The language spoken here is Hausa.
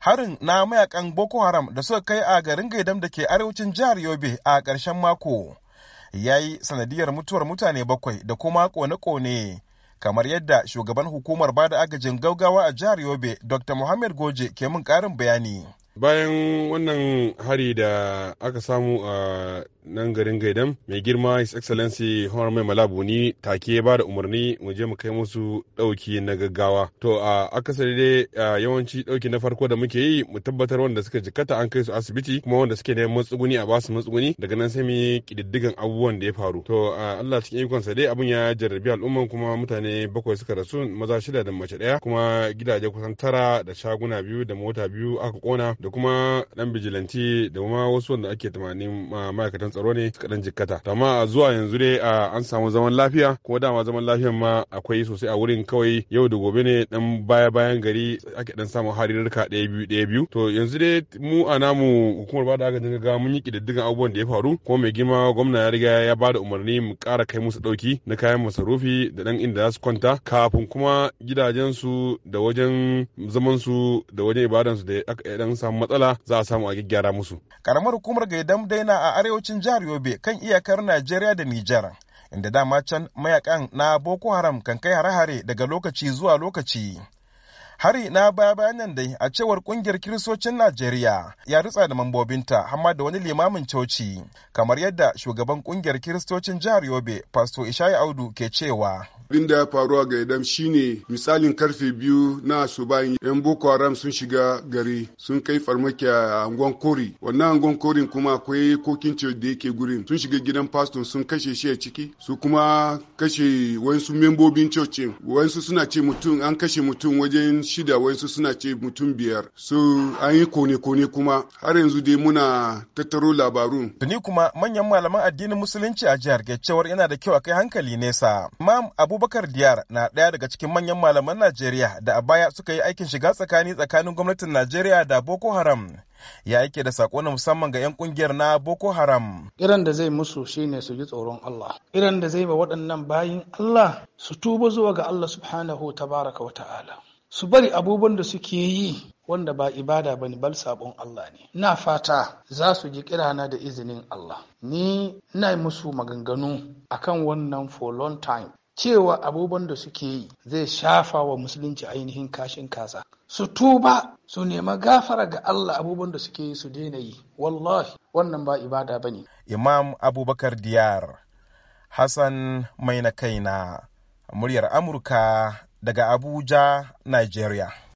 harin na mayakan boko haram da suka kai a garin gaidam da ke arewacin jihar yobe a ƙarshen mako ya yi sanadiyar mutuwar mutane bakwai da kuma kone-kone kamar yadda shugaban hukumar bada agajin gaugawa a jihar yobe dr muhammad goje ke min ƙarin bayani bayan wannan hari da aka samu a nan garin gaidan mai girma his excellency honor mai malabu ni take ba da umarni mu je mu kai musu ɗauki na gaggawa to a akasari dai yawanci dauki na farko da muke yi mu tabbatar wanda suka jikata an kai su asibiti kuma wanda suke neman matsuguni a basu matsuguni daga nan sai mu kididdigan abubuwan da ya faru to Allah cikin ikon sa dai abun ya jarrabi al'umman kuma mutane bakwai suka rasu maza shida da mace daya kuma gidaje kusan tara da shaguna biyu da mota biyu aka kona da da kuma dan bijilanti da kuma wasu wanda ake tunanin ma'aikatan tsaro ne suka dan jikkata amma zuwa yanzu dai an samu zaman lafiya kuma dama zaman lafiyan ma akwai sosai a wurin kawai yau da gobe ne dan baya bayan gari ake dan samu harirka daya biyu daya biyu to yanzu dai mu a namu hukumar bada agajin ga mun yi kididdigan abubuwan da ya faru kuma mai girma gwamna ya riga ya bada umarni mu kara kai musu ɗauki na kayan masarufi da dan inda za su kwanta kafin kuma gidajensu da wajen zamansu da wajen ibadansu da aka dan samu matsala za a samu a gyaggyara musu. Karamar hukumar Gaidam daina a arewacin jihar Yobe kan iyakar Najeriya da Nijar. Inda dama can mayakan na Boko Haram kan kai hare-hare daga lokaci zuwa lokaci. Hari na baya bayanan dai a cewar kungiyar kiristocin Najeriya ya rutsa da mambobinta hamma da wani limamin coci, kamar yadda shugaban kungiyar kiristocin jihar Yobe, Pastor Ishaya Audu ke cewa. abin da ya faru a gaidam shine misalin karfe biyu na asuban yan boko haram sun shiga gari sun kai farmaki a angon kori wannan angon korin kuma akwai kokin ce da yake gurin sun shiga gidan pastor sun kashe shi a ciki su kuma kashe wasu membobin cocin wasu suna ce mutum an kashe mutum wajen shida wasu suna ce mutum biyar su an yi kone-kone kuma har yanzu dai muna tattaro labarun. Tuni kuma manyan malaman addinin musulunci a jihar gaccewar yana da kyau a kai hankali nesa. Imam Abu Abubakar Diyar na ɗaya daga cikin manyan malaman Najeriya da a baya suka yi aikin shiga tsakani tsakanin gwamnatin Najeriya da Boko Haram. Ya yake da sako na musamman ga 'yan ƙungiyar na Boko Haram. Irin da zai musu shine su ji tsoron Allah. Irin da zai ba waɗannan bayin Allah su tuba zuwa ga Allah subhanahu tabaraka wa ta'ala. Su bari abubuwan da suke yi wanda ba ibada ba ne, bal sabon Allah ne. Na fata za su ji kirana da izinin Allah. Ni na musu maganganu akan wannan for long time cewa abubuwan da suke yi zai shafa wa musulunci ainihin kashin kasa su tuba su nema gafara ga Allah abubuwan da suke yi su daina yi wallahi wannan ba ibada ba ne imam abubakar diyar hassan mai na kaina muryar amurka daga abuja nigeria